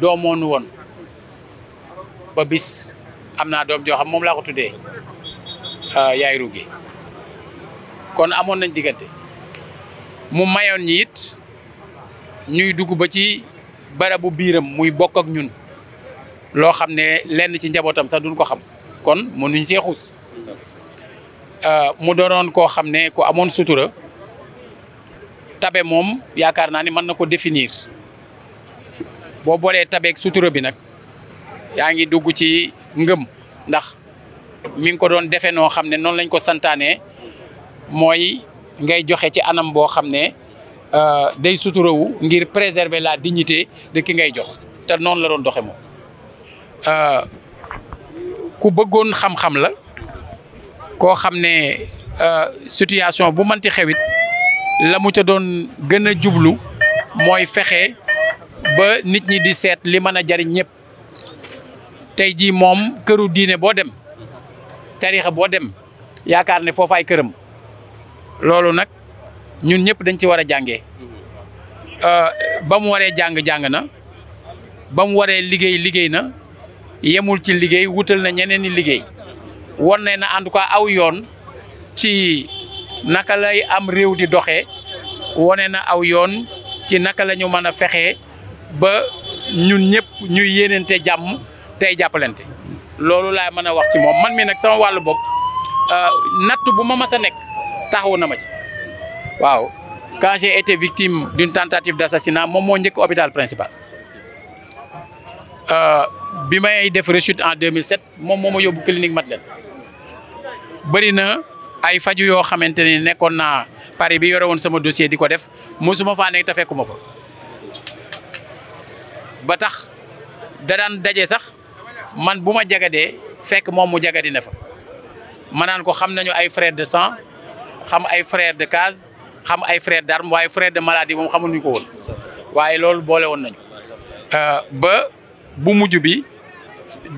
doomoon woon ba bis am naa doom joo xam moom laa ko de ah, yaay ruugi kon amoon nañ diggante mu mayoon ñi ñuy dugg ba ci barabu biiram muy bokk ak ñun loo xam ne lenn ci njabootam sax duñ ko xam kon mënuñ cee xuus ah, mu doonoon koo xam ne ku amoon sutura tabe moom yaakaar naa ni mën na ko définir boo boolee tabeek sutura bi nag yaa ngi dugg ci ngëm ndax mi ngi ko doon defee noo xam ne noonu lañ ko santaane mooy ngay joxe ci anam boo xam ne euh, day suturawu ngir préserver la dignité de ngay jox te noonu la doon doxe moom euh, ku bëggoon xam-xam la koo xam ne euh, situation bu mënti xewit la mu ca doon gën a jublu mooy fexe ba nit ñi di seet li mën a jariñ ñëpp tey jii moom këru diine boo dem tarixa boo dem yaakaar ne foofaay këram loolu nag ñun ñëpp dañ ci war a jàngee euh, ba mu waree jàng-jàng na ba mu waree liggéey liggéey na yemul ci liggéey wutal na ñeneen i liggéey won ne na en tout cas aw yoon ci naka lay am réew di doxee wone na aw yoon ci naka la ñu mën a fexee ba ñun ñëpp ñuy yéenante jàmm tey jàppalante loolu laa mën a wax ci moom man mi nag sama wàllu bopp euh, natt bu ma mas a nekk taxawu na ma ci waaw quand j'ai été victime d'une tentative d'assassinat moom moo njëkk hôpital principal euh, bi may def rechute en 2007 moom moo ma yóbbu clinique mat bëri na ay faju yoo xamante ni nekkoon naa Paris bi yore woon sama dossier di ko def suma faa nekk te fekkuma fa ba tax da daan daje sax man bu ma jagadee fekk moom mu jagadi na fa ma naan ko xam nañu ay frères de sang xam ay frères de case xam ay frères d'armes waaye frères de maladie moom xamuñu ko woon waaye loolu boole woon nañu. Euh, ba bu mujj bi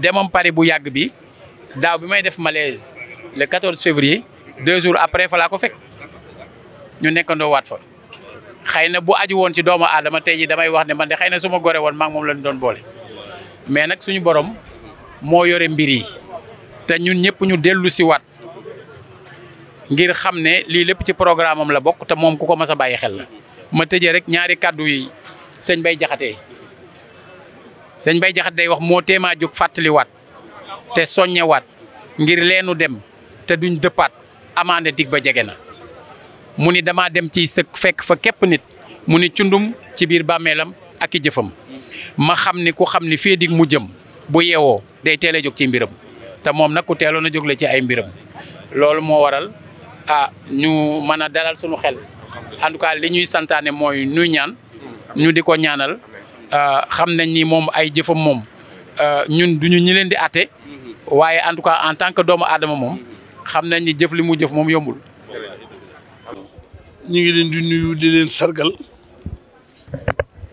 demam Paris bu yàgg bi daaw bi may def malaise le 14 février. deux jours après fa laa ko fekk ñu nekkandoo waat fa xëy na bu aju woon ci doomu aadama tey ji damay wax ne man de xëy na su gore woon maag moom lañ doon boole mais nag suñu borom moo yore mbir yi te ñun ñëpp ñu dellu waat ngir xam ne lii lépp ci programme am la bokk te moom ku ko mas a bàyyi xel la ma tëjee rek ñaari kàddu yi sëñ Bay Jaxate sëñ Bay Jaxate day wax moo téemaa jóg fàttaliwaat te soññewaat ngir leenu dem te duñ dëppaat amaana dig ba jege na mu ni damaa dem ci sëkk fekk fa képp nit mu ni cundum ci biir bàmmeelam ak i jëfam ma xam ni ku xam ni fii dig mu jëm bu yeewoo day teel a jóg ci mbiram te moom nag ku teeloon a jóg la ci ay mbiram loolu moo waral ah ñu mën a dalal suñu xel en tout cas li ñuy santaane mooy nuy ñaan ñu di ko ñaanal xam nañ ni moom ay jëfam moom ñun duñu ñi leen di àtte waaye en tout cas en tant que doomu aadama moom xam nañ ni jëf li mu jëf moom yombul. ñu ngi leen di nuyu di leen sargal.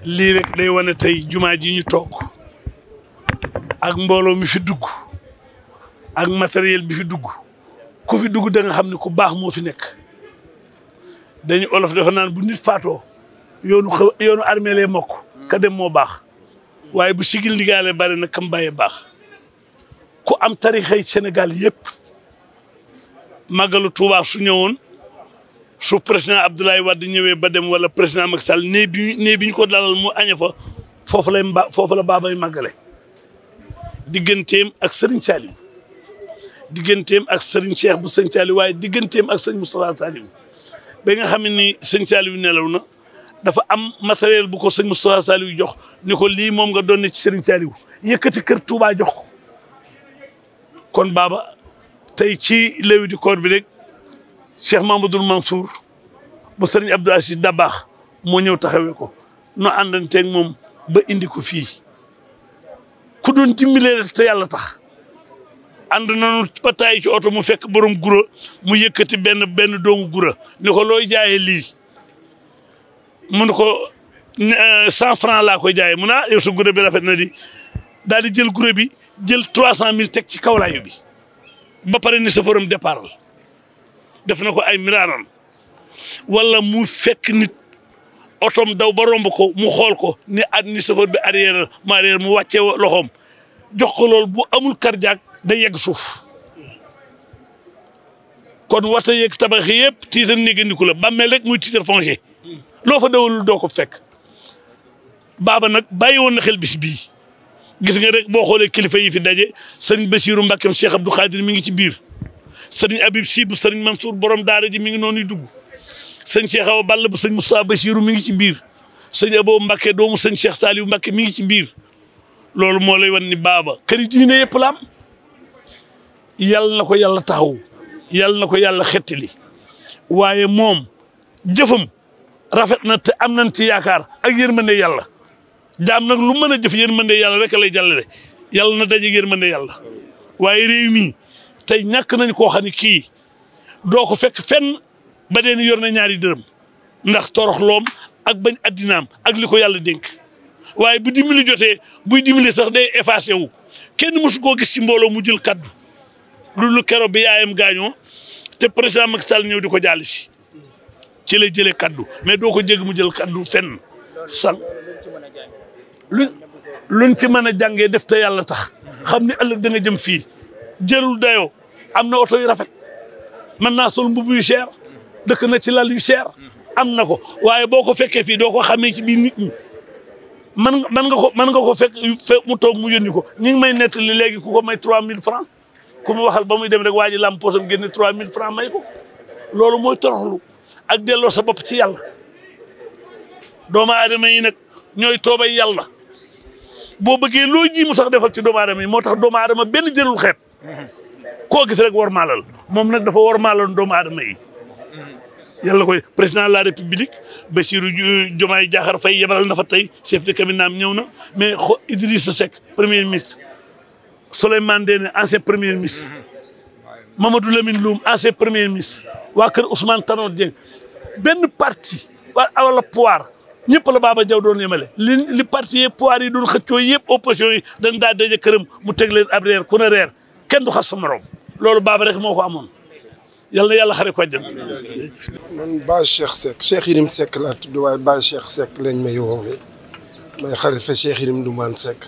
lii rek day wane tey jumaa ji ñu toog ak mbooloo mi fi dugg ak matériel bi fi dugg ku fi dugg danga xam ne ku baax moo fi nekk dañu olof dafa naan bu nit faatoo yoonu xaw yoonu armée mokk ka dem moo baax waaye bu sigil ndigaale bare nag kam bàyyee baax ku am tarixay Sénégal yépp màggalu Touba su ñëwoon su président Abdoulaye Wade ñëwee ba dem wala président Macky Sall nee bi nee bi ñu ko dalal mu aña fa foofu lay ba foofu la baabay màggale digganteem ak Serigne Saliou digganteem ak sëriñ Cheikh bu Serigne Saliou waaye digganteem ak Serigne Moustapha Saliou ba nga xam ne nii Serigne Saliou nelaw na dafa am matériel bu ko Serigne Moustapha Saliou jox ni ko lii moom nga doon ne ci Serigne Saliou yëkkati kër Touba jox ko kon baaba tey ci léewi di koor bi rek Cheikh Mamadou Mansour bu sëriñ Abdou Aziz Dabaax moo ñëw taxawee ko no àndanteeg moom ba indi ko fii ku doon dimbalee te yàlla tax ànd na ba taay ci oto mu fekk borom gura mu yëkkati benn benn doomu gura ni ko looy jaayee lii mun ko euh, cent franc laa ko jaayee mun naa ah, yow sa gura rafet na di daal di jël gura bi jël trois cent mille teg ci kawlaayu bi ba pare ni safaram départal def na ko ay miraaram wala mu fekk nit otom daw ba romb ko mu xool ko ni at ni safar bi arrière ma arrière mu wàccee loxoom jox ko loolu bu amul cardiaque da yegg suuf kon wata yeeg tabax yëpp tiitar négandiku la bàmmeel rek muy tiitar fongé loo fa dawalul doo ko fek baaba nag bàyyi woon na xel bis bii gis nga rek boo xoolee kilifa yi fi daje sëriñ Bassirou Mbackeem Cheikh Abdou Khadir mi ngi ci biir sëriñ Habib Sy bu sëriñ Mansour borom daara ji mi ngi noonu dugg sëñ Cheikh Awa Balla bu sëñ Moustapha Bassirou mi ngi ci biir sëñ Abo Mbacke doomu sëñ Cheikh Saliou Mbacke mi ngi ci biir loolu moo lay wan ni baaba kër yi diine yëpp la am na ko yàlla taxaw yàlla na ko yàlla xettali waaye moom jëfam rafet na te am na ci yaakaar ak yërmande yàlla. jaam nag lu mën a jëf yërmande yàlla rek lay jàllale yàlla na daje yërmande yàlla waaye réew mi tey ñàkk nañ koo xam ne kii doo ko fekk fenn ba deen yor na ñaari dërëm ndax torox lom ak bañ addinaam ak li ko yàlla dénk waaye bu dimbali jotee buy dimbali sax day effacé wu kenn mësu koo gis ci mbooloo mu jël kaddu loolu keroo bi yaayam gaañoo te président Macky Sall ñëw di ko jàll si ci lay jëlee kaddu mais doo ko jégg mu jël kaddu fenn lu luñ ci mën a jàngee def te yàlla tax xam ni ëllëg da nga jëm fii jërul dayoo am na oto yu rafet mën naa sol mbubb yu cher dëkk na ci lal yu cher am na ko waaye boo ko fekkee fii doo ko xamee ci biir nit ñi man man nga ko mën nga ko fekk mu toog mu yónni ko ñu ngi may nettali léegi ku ko may 3000 francs ku mu waxal ba muy dem rek waa ji lam poosam génne 3000 francs may ko loolu mooy toroxlu ak delloo sa bopp ci yàlla doomu aadama yi nag ñooy toobay yàlla boo bëggee loo ji mu sax defal ci doomu aadama yi moo tax doomu aadama benn jëlul xeet koo gis rek war maalal moom nag dafa war maaloon doomu aadama yi yalla koy président de la république Bassirou Diomaye Diakhar Faye yebal na fa tey chef de cabinet am ñëw na mais xo Idrissa Seck premier ministre Souleymane Ndéné ancien premier ministre Mamadou Lamine Loum ancien premier ministre waa kër Ousmane Tanor Dieng benn parti wala pouvoir ñëpp la Baba Diaw doon yemale li li parti yi pouvoir yi doon xëccoo yëpp opposition yi dañ daa daje këram mu teg leen ab reer ku ne reer kenn du xas sa morom loolu Baba rek moo ko amoon yal na yàlla xare ko àjjana. man Baye Cheikh Seck Cheikh Yirim Seck laa tudd waaye Baye Cheikh Seck lañ may woowee may xarifa Cheikh du Dumbaan Seck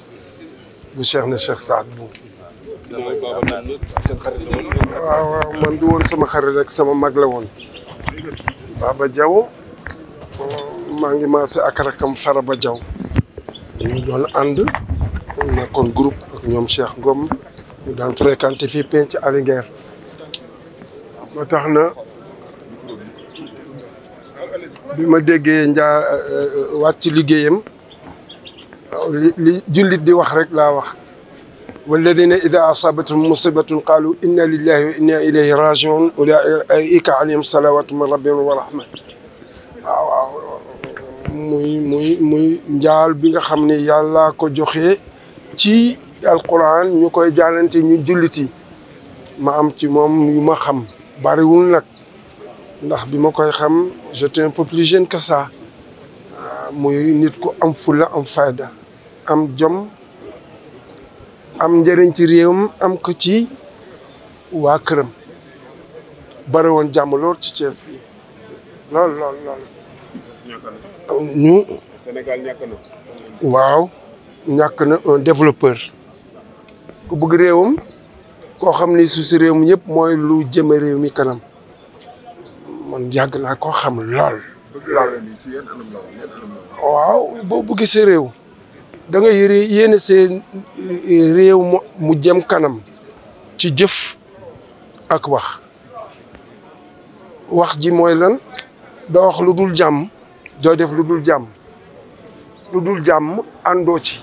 bu Cheikh na Cheikh saat bu waaw waaw man du woon sama xarit rek sama mag la woon Baba maa ngi maase ak rakam Faraba Diaw ñu doon ànd nekkoon groupe ak ñoom Cheikh Ngom ñu daan fréquenté fii penc Alinguer ba tax na bi ma déggee njaa euh, wàcc liggéeyam li li jullit di wax rek laa wax walladina ida asabatum musibatun qalu inna lillahi wa inna ilayhi rajiun ulaika alayhim salawatu min rabbihim wa rahma muy muy muy njaal bi nga xam ni yàlla ko joxe ci alquran ñu koy jaalante ñu julliti ma am ci moom yu ma xam bariwul nag ndax bi ma koy xam j'étais un peu plus jeune que ah, muy nit ku am fulla am fayda am jom am njariñ ci réewam am ko ci waa këram bari woon ci Thiès bi lool lool lool ñu. Sénégal na. waaw ñàkk na un développeur. ku bëgg réewam koo xam ni su si réew mi yëpp mooy lu jëme réew mi kanam man yàgg naa koo xam lool. waaw boo bëggee sa réew. da ngay yéene seen eh, réew mu jëm kanam ci jëf ak wax wax ji mooy lan da wax lu dul jàmm dooy def lu dul jàmm lu dul jàmm àndoo ci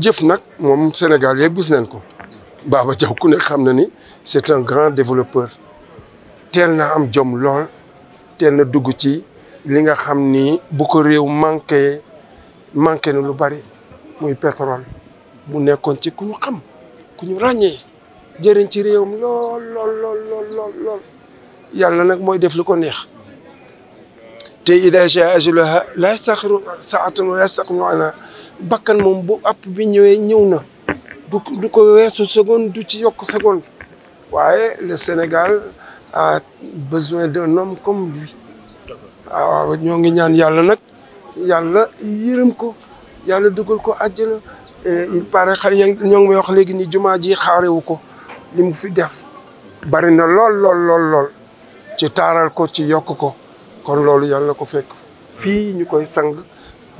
jëf nag moom Sénégal yëpp gis nañ ko Baba Diaw ku nekk xam na ni c'est un grand développeur teel na am jom lool teel na dugg ci li nga xam ni bu ko réew manqué manqué na lu bari muy pétrole mu nekkoon ci ku ñu xam ku ñu ràññee jëriñ ci réewam lool lool lool lool nag mooy def lu ko neex te ida jaa ajaluha la yastaxiru saatan wa la yastaqdimu anha bakkan moom bu app bi ñëwee ñëw na du du ko weesu seconde du ci yokk seconde waaye le Sénégal a besoin d'un homme comme lui ah, waaw ñoo ngi ñaan yàlla nag yàlla yërëm ko yàlla dugal ko àjjana eh, il pare xar ya ñoo ngi may wax léegi ni jumaa ji xaarewu ko li mu fi def bari na lool lool lool lool ci taaral ko ci yokk ko kon loolu yàlla na ko fekk fii ñu koy sang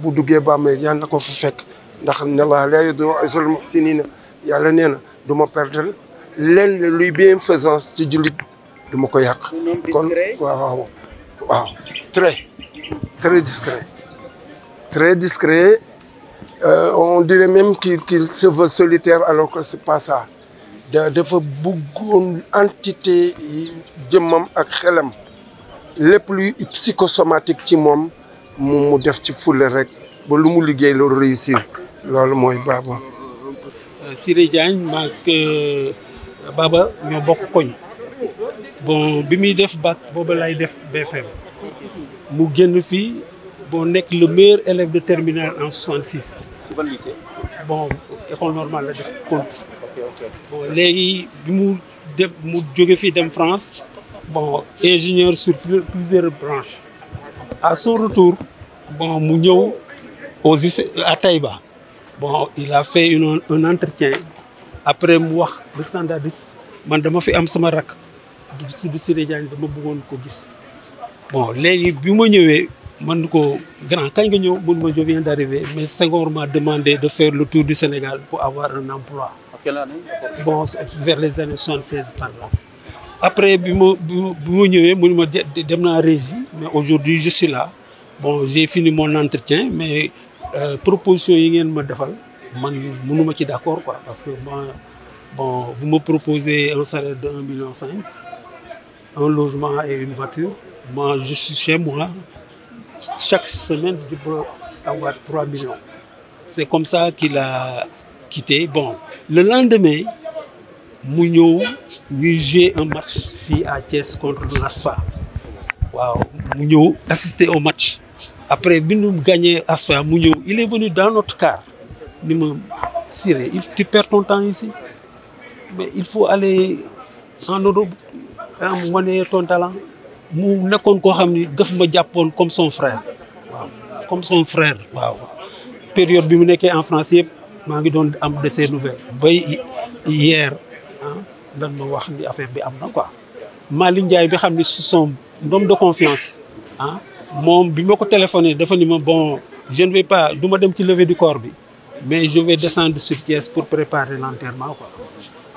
bu duggee bàmmeel yàlla na ko fa fekk ndax ne la laa yudhi'u ajral muhsiniin yàlla nee na du ma perdre lenn luy bienfaisance ci jullit du ko yàq. kon waaw discret très discret euh, on dirait même qu'il qu'il se solitaire alors que c'est pas ça da dafa bëggoon entité jëmmam ak xelam. lépp luy psychosomatique ci moom mu mu def ci fulla rek ba lu mu liggéey loolu réussir loolu mooy Baba. Siré Diagne maak euh, Baba ñoo bokk koñ bi muy def bac booba lay def BFM mu génn fii boo nekk le meilleur élève de terminale en 66. bon école normale la def compte bon léegi bi mu def mu jóge fii dem France. bon ingénieur sur plusieurs branches à son retour bon mu ñëw au aux à Taïba bon il a fait une un entretien après mu wax le standardiste man dama fi am sama rakk du tudd dama bëggoon ko gis bon léegi bi ma ñëwee man ko grand kañ nga ñëw mun ma je viens d'arriver mais Senghor m'a demandé de faire le tour du Sénégal pour avoir un emploi. bon vers les années soixante-seize par là. après bi ma bi ma ñëwee mu ne ma dem naa régie mais aujourd'hui je suis là bon j'ai fini mon entretien mais euh, proposition yi ngeen ma defal man mënuma ci d'accord quoi parce que moi bon vous me proposez un salaire de un million cinq un logement et une voiture moi je chez moi chaque semaine je peux avoir trois millions c'est comme ça qu'il a quitté bon le lendemain mu ñëw ñuy jouer un match fii à Thiès contre l'ASFA waaw mu ñëw assister au match après bi nu gagné ASFA mu ñëw il est venu dans notre car ni ma Siré il tu perds ton temps il faut aller en Europe am wane ton mu nekkoon koo xam ni gëf ma jàppoon comme son frère waaw son frère waaw période bi mu nekkee en France yëpp maa ngi doon am de ses nouvelles bay hier lan ma wax ni affaire bi am na ko Malick Ndiaye bi xam ni c'est son homme de confiance ah moom bi ma ko téléphoné dafa ni moom bon jeune ne vais pas du dem ci levée du corps bi mais je vais descendre sur Thiès pour préparer l'enterrement quoi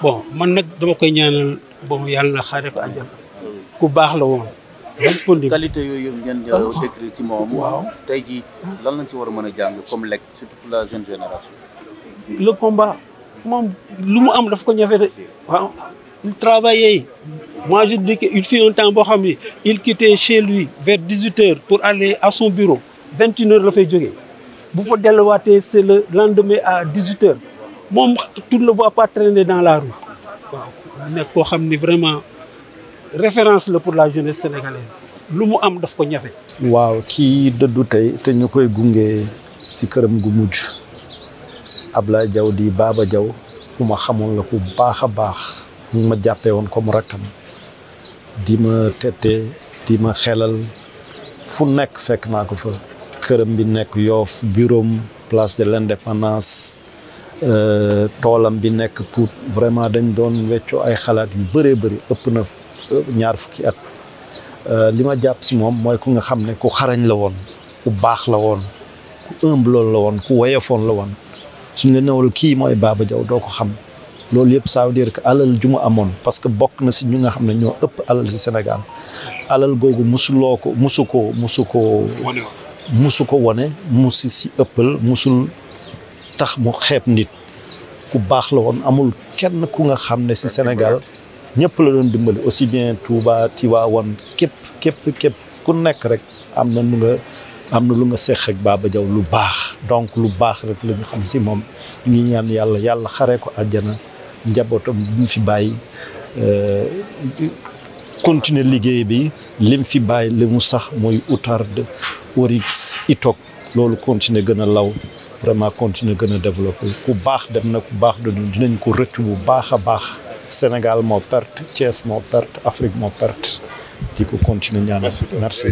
bon man nag dama koy ñaanal bon yàlla xaare ko àjjana ku baax la woon disponible qualité yooyu yëpp ngeen euh, décrire ci moom. waaw tey jii lan lañ ci war a mën a jàng comme lekk surtout pour la jeune génération. le combat moom lu mu am daf ko ñafe de waaw il travaillait moi je dis que il fut un temps boo xam ni il quittait chez lui vers dix huit heures pour aller à son bureau vingt une heures la fay jógee bu fa delluwaatee c'est le lendemain à dix huit heures moom tu ne le vois pas traîner dans la rue waaw nekk koo xam ni vraiment référence la pour la jeunesse sénégalaise lu mu am daf ko ñafe waaw kii dëddu tey te ñu koy gunge si këram gu mujj Ablaye Diaw di baaba Diaw ku ma xamoon la ku baax a baax ma jàppee woon comme rakkam di ma tete di ma xelal fu nekk fekk naa ko fa këram bi nekk Yoff buroom place de l'indépendance euh, toolam bi nekk Pout vraiment dañ doon weccoo ay xalaat yu bëree bëri ëpp na ñaar fukki at euh, li ma jàpp si moom mooy ku nga xam ne ku xarañ la woon ku baax la woon ku ëmb loolu la woon ku woyofoon la woon suñ la newul kii mooy baaba Diaw doo ko xam loolu yëpp ça veut dire alal ju mu amoon parce que bokk na si ñu nga xam ne ñoo ëpp alal si senegal alal googu musuloo ko musu ko musu ko musu ko wone musi si ëppal musul tax mu xeeb nit ku baax la woon amul kenn ku nga xam ne si Sénégal ñëpp la doon dimbali aussi bien Touba Tivaouane képp képp képp ku nekk rek am na nu am na lu nga seq ak Baba jaw lu baax donc lu baax rek la ñu xam si moom ñu ñaan yàlla yàlla xaree ko àjjana njabootam bi mu fi bàyyi euh, continuer liggéey bi lim fi bàyyi li mu sax mooy outarde Oryx Itoc loolu continuer gën a law vraiment continuer gën a développer ku baax dem na ku baax dinañ ko rëccu bu baax a baax Sénégal moo perte Thiès moo perte Afrique moo perte di ko continuer ñaanal merci